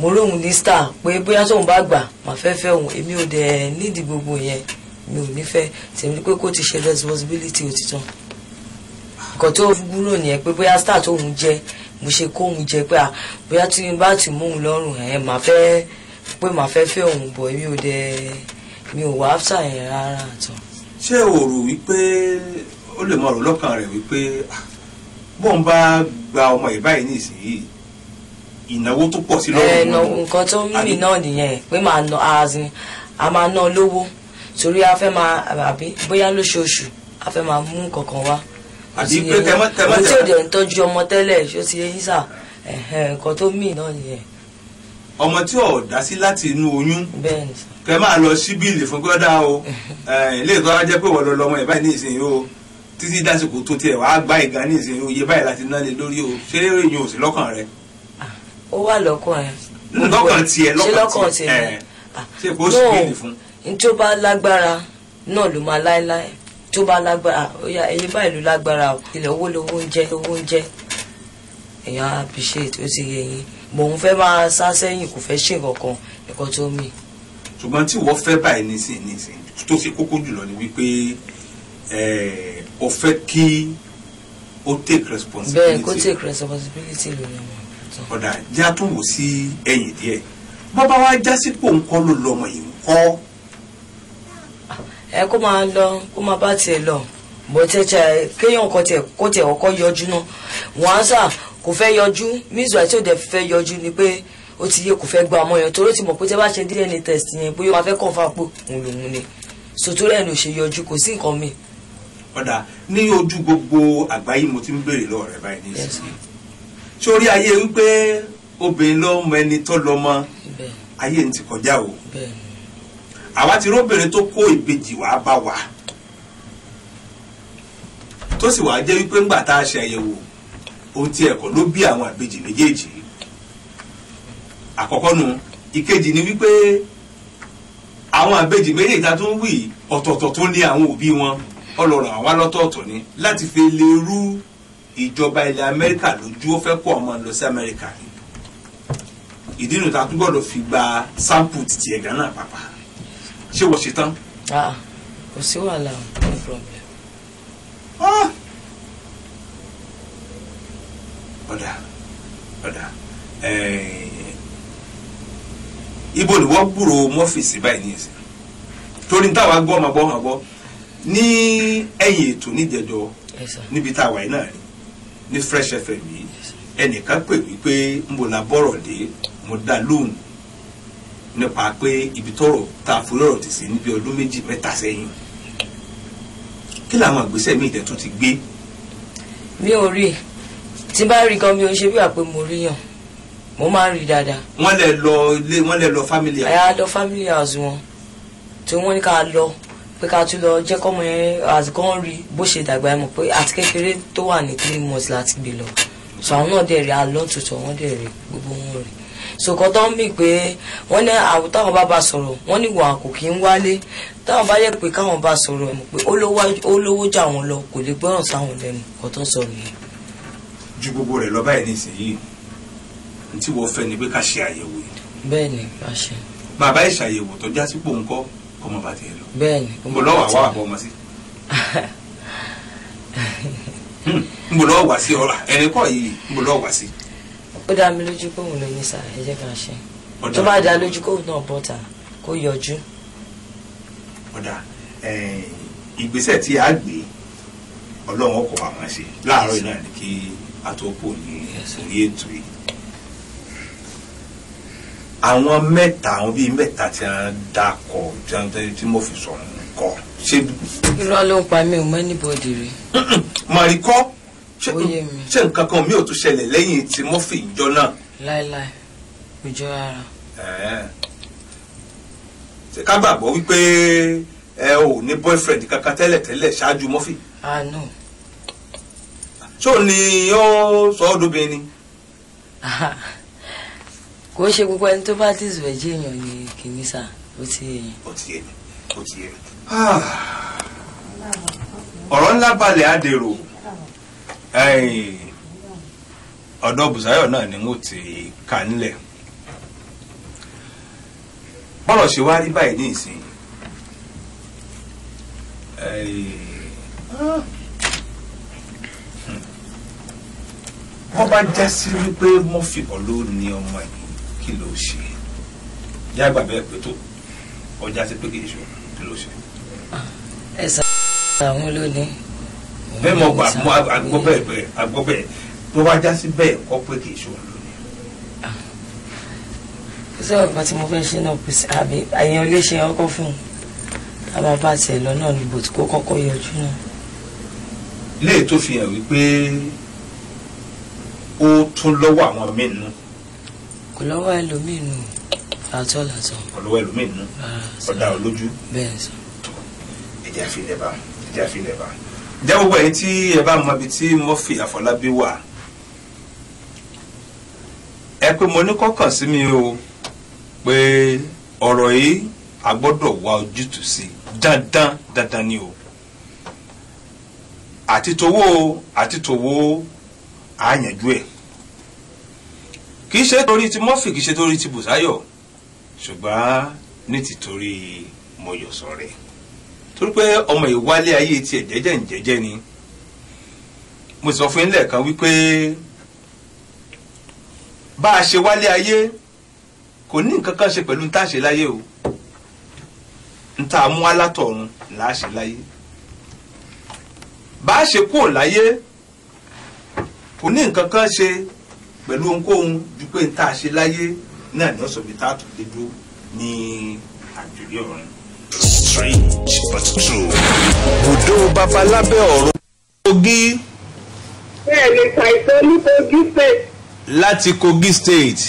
mo lóun ní star pé bóyá tóun bá gbà mà fẹ́ fẹ́ òun èmi ò dẹ̀ nídìí gbogbo yẹn mi ò nífẹ̀ẹ́ tèmi pé kó ti ṣe responsibility òtítọ́ nǹkan tó gbúrò nìyẹn pé bóyá star tóun jẹ mo ṣe kóun jẹ pé à bóyá tí n bá ti mú òun lọ́rùn ẹ̀ mà fẹ́ pé mà fẹ́ fẹ́ òun bọ̀ èmi ò dẹ̀ mi ò wá áfítà yẹn rárá àtọ̀. ṣé o rò wípé ó lè mọ ọ̀rọ̀ lọ́kàn rẹ̀ wípé bọ́n bá gba ọmọ ẹ̀ báyìí ní ìsinyìí ìnáwó tó pọ̀ sí lọ́rùn eh, wọn. nǹkan tó ń mì náà nìyẹn pé màá ná azin a máa ná lówó torí a fẹ́ máa àbí bóyá lóṣooṣù a fẹ́ máa mú kankan wá. àti pé tẹmọ tẹmọ tẹmọ òun tí òde ń tọ́jú ọmọ tẹ́lẹ̀ ṣó ti yé yín sà nǹkan tó mì náà nìyẹn. ọmọ tí ò dá sí láti inú oyún kẹ máa lọ síbìlì fún gbọ́dá o ilé eh, ìtọ́jú jẹ́ pé wọ́n lọ lọ́mọ ẹ̀ báyìí ní ìsinyìí o títí dásìkò tó tiẹ̀ wàá gba ìgbà ní ìsìn oyè báyìí láti ná lé lórí o ṣé eré yẹn ò sí lọ́kàn rẹ. ó wà lọ́kàn ẹ. lọ́kàn tiẹ̀ lọ́kàn tiẹ̀ ẹ̀ ṣe kó sì kéde fún. n tó bá lágbára náà ló máa láéláé tó bá lágbára ó yá ẹyẹ báyìí ló lágbára o ilẹ̀ owó lowó ń jẹ́ lowó ń jẹ́ èèyàn appreciate ó ti yẹ yín mòun fẹ́ máa sá sẹ́yìn kò fẹ́ ṣe kankan ẹ̀kọ́ tó mì. ṣùgbọ́n tí ìwọ fẹ́ báyìí nísìnyí nísìnyí tó ṣe kókó jùlọ ni wípé ẹ̀ẹ́ o fẹ́ kí o take responsibility. bẹ́ẹ̀ kó take responsibility lórí ọmọ ìbùtàn. ọ̀dà já tún wò sí ẹ̀yìn díẹ̀ bàbá wa já sípò ńkọ́ ló lọ́mọ yìí ńkọ́. ẹ kó máa lọ kó máa bá tiẹ̀ lọ bó tẹ tẹ kéèyàn kọ tẹ kó tẹ ọkọ yọjú náà wọn á sà kò fẹ́ yọjú mizu àti òde fẹ́ yọjú ni pé ó ti yé kò fẹ́ gba ọmọ yẹn torí ó ti mọ̀ pé tẹ bá ṣe DNA test yẹn bóyá wọn fẹ́ kàn fún apò òun lòun ni sòtúrẹ́ ló ṣe yọjú kò sí nǹkan míì ọ̀dà ní ojú gbogbo àgbáyé mo ti ń béèrè lọ́wọ́ rẹ̀ báyìí nísìnyí sórí ayé wípé obìnrin lọ́mọ ẹni tó lọ́mọ ayé ń ti kọjá o àwa ti róbìnrin tó kó ìbejì wá bá wa tó sì wá jẹ́ wípé ńgbà tá a ṣe àyẹ̀wò ohun tí ẹ̀kọ́ ló bí àwọn àbejì méjèèjì àkọ́kọ́ nu ìkejì ni wípé àwọn àbejì méjèèjì tá a tún wí ọ̀tọ̀ọ̀tọ̀ tó ní àwọn òbí wọn ọlọ́run àwa lọ́tọ̀ọ̀tọ̀ ni láti fi lè rú ìjọba ilẹ̀ amẹ́ríkà lójú ó fẹ́ kó ọmọ lọ sí amẹ́ríkà ni ìdí nu ta tún gbọ́dọ̀ fi gba sampo títí ẹ̀gá náà pàpà ṣé wọ́n ṣe tán. kò sí wàhálà no problem. Ah! ọ̀dà ọ̀dà ibo ni wọ́n gbúròó mọ́fìsì báyìí ní ìsìn torí táwa gbọ́ ọmọ gbọ́ ọmọ gbọ́ ní ẹ̀yìn ètò níjẹjọ níbi tá a wà yìí náà rí ní Fresh FM yìí ẹnìkan pè mí pé ń bò la bọ́rọ̀ dé mo dá lóhùn nípa pé ibi tọ́rọ̀ tá a forí ọ̀rọ̀ tì sí níbi ọdún méjì mẹ́ta sẹ́yìn kí làwọn ìgbésẹ̀ míì tẹ̀tún ti gbé. mi ò rí i e. tí bá rí gan mi ò ṣe bí àpè mo rí yàn mo máa ń rí dáadáa. wọ́n lè lọ ilé wọ́n lè lọ family house. àyà lọ family house wọn tí wọ́n ní ká lọ pé ká tún lọ jẹ́ kọ́mọ yẹn àsìkò ń rí bó ṣe dàgbà ẹ̀ mọ̀ pé àti kékeré tó wà ní three months láti gbé lọ so àwọn náà dẹ̀ rí alọ́ tuntun wọ́n dẹ̀ rí gbogbo wọn rí so kọ́ tó ń bì pé wọ́n ní àwọn táwọn bá ba sọ̀rọ̀ wọ́n ní ìwà kò kí ń wálé táwọn bá yẹ pé káwọn bá sọ̀rọ̀ ẹ̀ mọ̀ pé olówó jà wọn lọ kò lè gbọ́ràn sáwọn lẹ́nu kọ́ tó ń sọ̀rọ̀ yẹn. ju gbogbo rẹ̀ lọ báyìí nísìnyí tí wọ́n fẹ́ ni pé ká ṣe àyẹ̀wò yìí. bẹ́ẹ̀ ni a ṣe. bàbá ìṣàyẹ̀wò tó já sípò ńkọ́ ọmọ bá tiẹ̀ lọ. bẹ́ẹ̀ni ọmọ bá tiẹ̀ lọ. nbọlọ wà wà bọ ọmọ sí. Hmm, nbọlọ wà sí ọ̀la ẹni kọ́ yìí nbọlọ wà sí. ó dá mi lójú kóhùn ló ní sà ẹ jẹ́ ká ṣe tó bá dá lójú kóhùn náà bọ́ta kó yọjú. ọ̀dà ìgbésẹ̀ tí a gbé ọlọ́run ọkọ̀ wa máa ṣe láàárọ̀ náà kí a tó kù ní orí ètò yìí àwọn mẹ́ta àwọn bíi mẹ́ta tí wọ́n dakọ̀ tí mo fi sọ̀rọ̀ kọ́ ṣe. irọ́ ló ń pa mi ò mẹ́ni bọ́ọ̀dì rẹ̀. màrí kọ́ ṣé nǹkan kan mi ò tún ṣẹlẹ̀ lẹ́yìn tí mo fi ìjọ náà. láéláé kò jọ rárá. ṣé ká gbàgbọ́ wípé ẹ ò ní boyfriend kankan tẹ́lẹ̀tẹ́lẹ̀ ṣáájú mọ́fì. ah no. ṣó ni ó sọ ọ́ dóbin ni kò ṣe gbogbo ẹni tó bá ti zù ẹ̀jẹ̀ èèyàn ni kìíní sà ó ti èèyàn. ó ti èmi ó ti èmi. Ah! ọ̀rọ̀ ńlá balẹ̀ á dèrò ọ̀dọ̀ Bùsáyọ̀ náà ni mo ti kà nílẹ̀ bọ́lọ̀ ṣe wá rí báyìí ní ìsìn ah! wọ́n bá já sí wípé mọ́fì kọ́ ló ọmọ yìí kí ló ṣe yá gbà bẹ́ẹ̀ pé tó ọjà sí pé kì í ṣe kí ló ṣe. ẹ sá àwọn lónìí. bẹ́ẹ̀ mo gbà mọ́ agbọ́ bẹ́ẹ̀ bẹ́ẹ̀ agbọ́ bẹ́ẹ̀ tó bá já sí bẹ́ẹ̀ kọ́ pé kì í ṣe òun lónìí. ṣé ọ̀gbà tí mo fẹ́ ṣe náà pèsè àbí àyàn ilé ṣe fún un a máa bá tiẹ̀ lọ náà níbo tí kò kọ́kọ́ yọjú náà. ilé tó fi hàn wípé ó tún lọ́wọ́ àwọn mí nù kò lọ́wọ́ ẹlòmíì nù làtọ́ làtọ́. kò lọ́wọ́ ẹlòmíì nù ah, ọ̀dà olójú. bẹ́ẹ̀ sọ. ẹ̀jẹ̀ àfi ilẹ̀ bá ẹ̀jẹ̀ àfi ilẹ̀ bá. ǹjẹ́ gbogbo ẹ̀yin tí ẹ bá mọ ibi tí Murphy Àfọlábí wà ẹ pé mo ní kọ́kàn sí mi o pé ọ̀rọ̀ yìí a gbọ́dọ̀ wá ojútùú sí dandan dandan ni o àti tòwó àyànjú ẹ̀ kì í ṣe torí ti Murphy kì í ṣe torí ti Bùsáyọ̀ ṣùgbọ́n ní ti torí Mọ́yọ̀sọ́rẹ́ torí pé ọmọ ìwálé ayé tiẹ̀ jẹ́jẹ́ ń jẹ́jẹ́ ni mo sọ fún yín lẹ́ẹ̀kan wípé bá a ṣe wálé ayé kò ní nǹkan kan ṣe pẹ̀lú tá láyé o nta mú alátọ̀run là á ṣe láyé bá a ṣe kúrò láyé kò ní nǹkan kan ṣe pẹ̀lú ohunkóhun ju pé tá a ṣe láyé náà ni ó sọ bí tá a tún lè dúró ní àjòyè ọ̀run. strange but true. bùdó babalábẹ́ ọ̀run kogi. bẹ́ẹ̀ni ṣàìsàn ní kogi state. láti kogi state.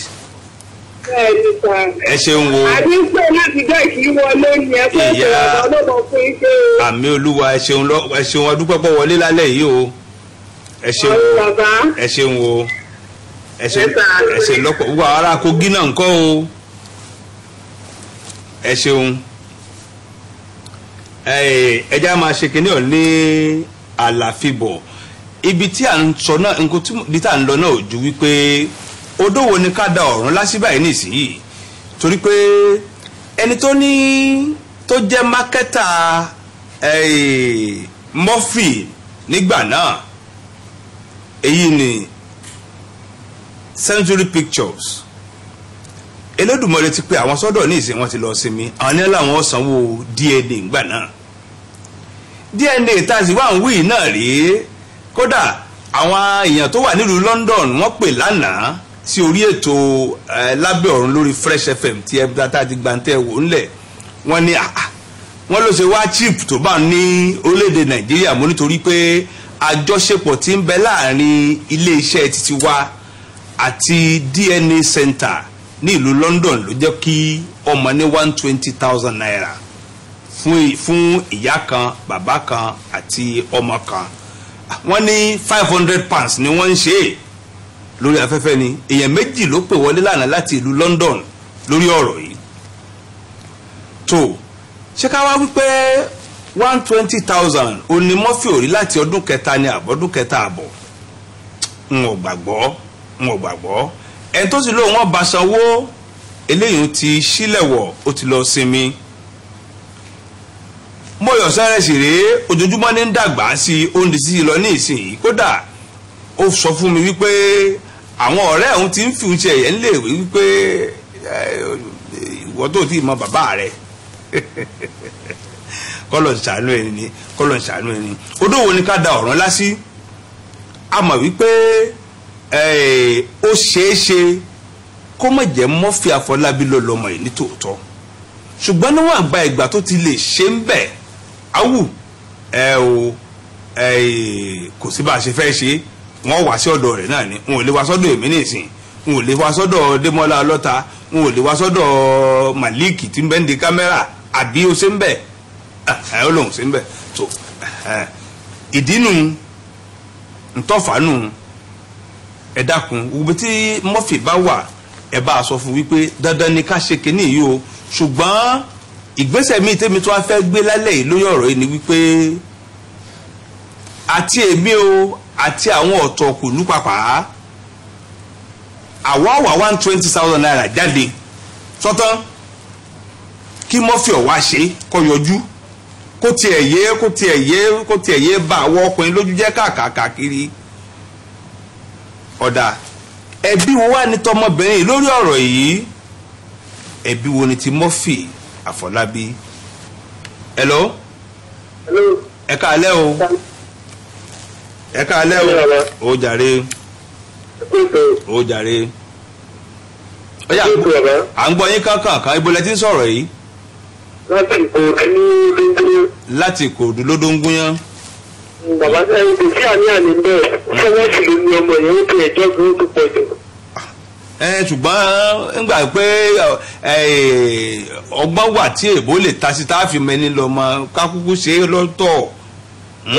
bẹ́ẹ̀ni sà. ẹ ṣeun wo. àbí pé láti dá ìṣíwọlé ni ẹ fẹ́ fẹ́ ọ̀dọ́ lọ́mọ fún iṣẹ́ o. àmì olúwa ẹ ṣeun lọ ẹ wọlé lálẹ́ yìí o. ẹ ṣeun wo ẹ ṣeun wo ẹsẹ lọ́pọ̀ wà ara kogi náà ńkọ́ o ẹ ṣeun ẹjẹ a máa ṣe kinní ọ ní àlàfíbọ̀ ibi tí à ń sọ náà nǹkan tí ibi tí à ń lọ náà ò ju wípé odòwò ni ká da ọ̀run lásìbà yìí nìsíyìí torí pé ẹni tó ní tó jẹ́ mákẹ́tà mọ́fì nígbà náà èyí ni Century Pictures Elédùmarè ti pé àwọn sọ́dọ̀ ní ìsìn wọn ti lọ sinmi àwọn nílò àwọn sanwó DNA ńgbà náà DNA tàbí wà ń wí náà rèé kódà àwọn èèyàn tó wà nílùú London wọ́n pè lánàá sí orí ètò lábẹ́ ọ̀run lórí Fresh FM tí ẹ bá ti gbàǹtẹ̀ wò ńlẹ̀ wọ́n ní àà wọ́n ló ṣe wá chip tó bá ní orílẹ̀-èdè Nàìjíríà mo nítorí pé àjọṣepọ̀ ti ń bẹ láàrin iléeṣẹ́ títí wa àti DNA center ní ìlú London ló jẹ́ kí ọmọ ní one twenty thousand naira fún fún ìyá kan bàbá kan àti ọmọ kan wọ́n ní five hundred pounds ni wọ́n ń ṣe é lórí afẹ́fẹ́ ni èèyàn méjì ló pè wọlé lánàá láti ìlú London lórí ọ̀rọ̀ yìí tó ṣé ká wá wípé one twenty thousand onímọ́fì òrí láti ọdún kẹta ní àbọ̀dún kẹta àbọ̀ n ò gbàgbọ́ n ò gbàgbọ́ ẹni tó sì lóun ọba sanwó eléyìí ti sílẹ̀wọ̀ ó ti lọ sinmi mọ̀yọ̀ sẹ́rẹ̀ sì rèé ojoojúmọ́ ní ń dàgbà sí i ó ń di sí i lọ ní ìsìn kódà ó sọ fún mi wípé àwọn ọ̀rẹ́ òun ti ń fi oúnjẹ yẹn lè wípé ìwọ tó ti mọ bàbá rẹ kọ́lọ̀ ń ṣàánú ẹni ni kọ́lọ̀ ń ṣàánú ẹni odò wo ni ká da ọ̀ràn lásì a mọ̀ wípé ó ṣeéṣe kó má jẹ́ Murphy Àfọlábí ló lọ́mọ yìí nítòótọ́ ṣùgbọ́n níwọ̀n àgbà ìgbà tó ti lè ṣe ń bẹ̀ awù ẹ o kò sí bá a ṣe fẹ́ ṣe wọ́n wá sí ọ̀dọ̀ rẹ̀ náà ni wọn ò lè wá sọ́dọ̀ èmi nìsín wọn ò lè wá sọ́dọ̀ Démọ́lá Ọlọ́ta wọn ò lè wá sọ́dọ̀ Malik tí ń bẹ́ ń di kámẹ́rà àbí ó ṣe ń bẹ̀ ẹ ó lóun ṣe ń bẹ̀ tó ìdí nu ntọ́fà ẹ dákun ibi tí Murphy bá wà ẹ bá a sọ fún wípé dandan ni ká ṣe kínní yìí o ṣùgbọ́n ìgbésẹ̀ míì tèmi tó wá fẹ́ gbé lálẹ́ yìí lórí ọ̀rọ̀ yìí ni wípé àti èmi o àti àwọn ọ̀tọ̀ kùlú pàpà àwa wà one twenty thousand naira jáde sọ́tán kí Murphy ọ̀wá ṣe kó yọjú kó tiẹ̀ yé kó tiẹ̀ yé kó tiẹ̀ yé bá àwọn ọkùnrin lójú jẹ́ káàkiri. Ka, ka, ọ̀dà ẹbí wo wá ní tọmọbìnrin yìí lórí ọ̀rọ̀ yìí ẹbí wo ni ti Murphy Àfọlábí hello ẹ káalẹ́ o ẹ káalẹ́ o ó jàre ó jàre ọyà à ń gbọ́ yín kankan kan ibo lẹ ti ń sọ̀rọ̀ yìí. láti Ìkòròdú lódóńgúnyán. láti bàbá sẹ́yìn kò sí àníàní bẹ́ẹ̀ sẹ́wọ́n sì ló ní ọmọ yẹn ó tó ẹjọ́ gan ó tó pọ̀ jù. ṣùgbọ́n ngbà pé ọgbọ́n wà tí èèbó lè ta sí táàfin mẹ́ni lọ́mọ kákúkú ṣe é lọ́tọ̀.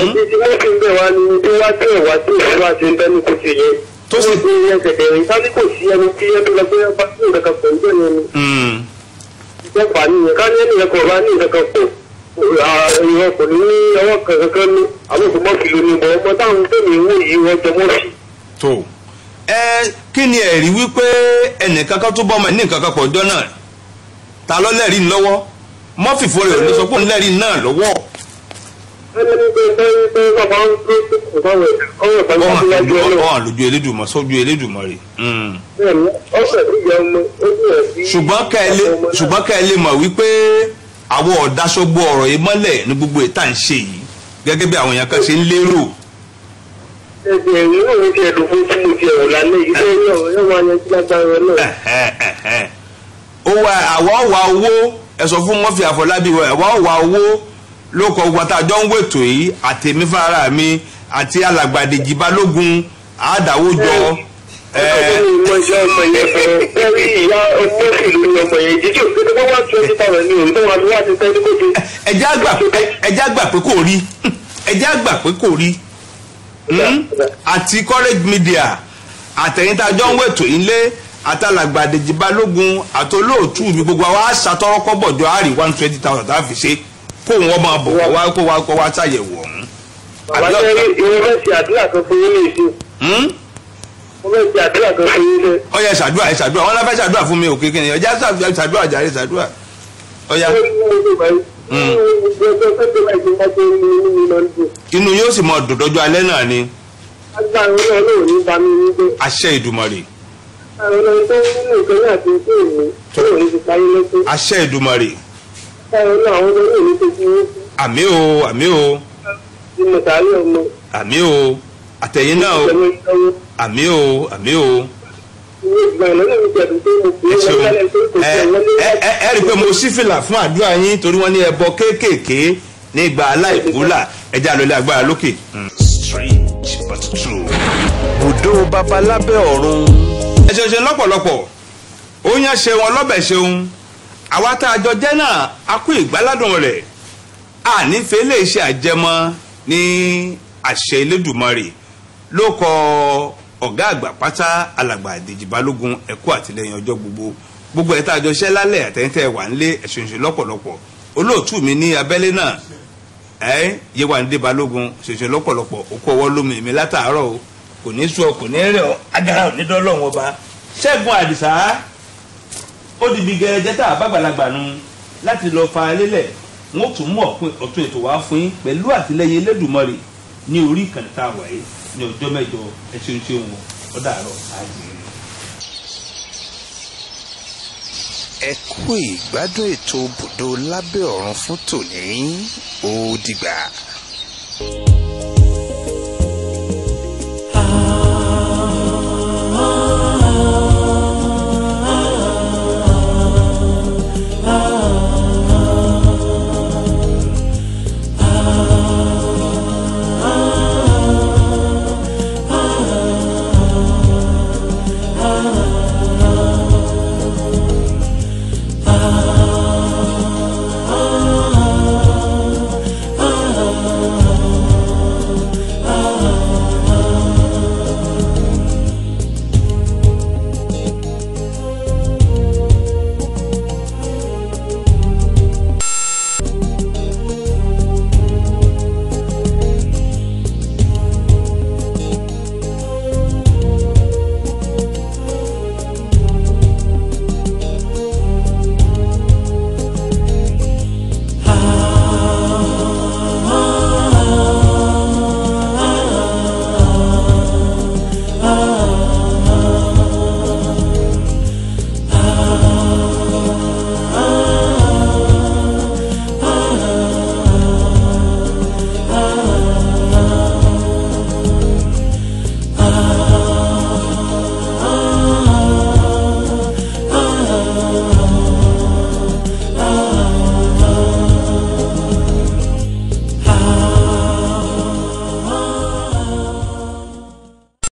ẹbí tí wọ́n fi ń bẹ̀ wá ni tí wá tẹ̀ wá tó sì wá ṣe ń bẹ́nu kó ṣe yẹ. tó sì pé ẹyẹ kẹ̀kẹ́ rẹ̀ sáré kò sí ẹni tí ẹni lọ pé bá ní nǹkan kan pọ̀ níbẹ̀ ni. Hmm. ìjẹ́pà ìyẹn ní ọwọ́ kankan ní àwọn ní ìbọn ọmọ táwọn tèmi ń wò yìí wọ́n jẹ mọ́ọ̀sì. tó ẹ kí ni ẹ̀rí wípé ẹnìkan tó bọ́ ọmọ ní nǹkan kan pọ̀ ọjọ́ náà ta ló lẹ́rìí lọ́wọ́ mọ́fì fún rẹ̀ ò sọ pé òun lẹ́rìí náà lọ́wọ́. ọ̀hún lójú elédùnmọ̀ sójú elédùnmọ̀ hmm. rẹ̀. ṣùgbọ́n kẹ́ ẹ lè mọ̀ wípé àwọn ọ̀dásọ́gbó ọ̀rọ̀ yìí mọ́lẹ̀ ní gbogbo ìta ń ṣe yìí gẹ́gẹ́ bí àwọn èèyàn kan ṣe ń lérò. ẹgbẹ́ ìwé òun ti ẹ̀dùn fún tí mo ti ẹ̀rọ lálẹ́ yìí ṣé yóò yóò máa yanjú lágbára náà. ó wá àwọn wá owó ẹ fún Murphy Àfọlábí àwọn wá owó ló kọ gbogbo àtàjọ ń wètò yìí àtèmi fúnra mi àti ìmọ̀jọ ọmọ yẹn fẹ́ rí ìyá olóṣèlú ní ọmọ yẹn jíjì òkúta wọn wá twenty thousand ní òyìnbó wọn wá ti tẹ́lẹ̀ kóde. ẹjẹ́ àgbà ẹjẹ́ àgbà pé kò rí ẹjẹ́ àgbà pé kò rí hmm? àti college media àtẹ̀yìn tá a jọ ń wètò yín lé àtàlàgbà Dèjì Balógun àtolóòtú mi gbogbo àwa aṣàtọ́rọ́kọ́ bọ̀jọ́ àárí one twenty thousand tá a fi ṣe kó wọn máa bọ̀ wá kó wa kó wa ṣàyẹ̀wò ọ̀hún. àwọn ẹgbẹ́ ìrẹsì àdúrà kan fún yín ní ìsìn ó yẹ ṣàdúrà ẹ ṣàdúrà wọn láfẹ́ ṣàdúrà fún mi òkè kìnìún ẹ já ṣàdúrà jàre ṣàdúrà ó yá. Hmm. inú yóò sì mọ dòdòjọ alẹ́ náà ni. àṣẹ Ìdùmarè. àṣẹ Ìdùmarè. àmì o àmì o. àmì o àtẹ̀yìn náà o àmì o àmì o. ẹ ṣeun ẹ ẹ ẹ rí i pé mo ṣí fìlà fún àdúrà yín torí wọ́n ní ẹbọ kéékèèké ní ìgbà aláìkúlà ẹjẹ́ àlọ́lé agbára lókè. strange but true. bùdó babalábẹ́ ọ̀run. ẹ ṣeun ṣe lọ́pọ̀lọpọ̀ ó yàn ṣe wọn lọ́bẹ̀ ṣeun àwa tá a jọ jẹ́ náà a kú ìgbáládùn rẹ̀ ànífẹ́ lè ṣe àjẹmọ́ ní àṣẹ Elédùmarè ló kọ ọ̀gá àgbà pátá alàgbà Déjì Balógun ẹ̀kọ́ àtìlẹ́yìn ọjọ́ gbogbo gbogbo ẹ̀ta àjọṣẹ́ lálẹ́ àtẹ̀yìntẹ̀ wà nílé ẹ̀ṣinṣin lọ́pọ̀lọpọ̀ olóòtú mi ní abẹ́lé náà ẹ̀ Yéwándé Balógun ṣinṣin lọ́pọ̀lọpọ̀ òkú ọwọ́ lómi mi látàárọ̀ o kò ní sọ kò ní rẹ̀ ọ́ agara onídọ́lọ́wọ́n ọba Ṣẹ́gun Àdìsá ó dìbí gẹ̀rẹ́jẹ́ tá a bá gbàlagbà nu láti lọ fa lélẹ̀ wọ́n tún mú ọ̀tún ètò wá fún yín pẹ̀lú àtìlẹ́yìn Elédùmarè ní orí ìkànnì tá a wà yìí ní ọjọ́ mẹ́jọ ẹ ṣeun ṣeun o ó dàárọ̀ àjèrè. ẹ kú ìgbádùn ètò bùdó lábẹ́ ọ̀run fún tòní ó dìgbà. love.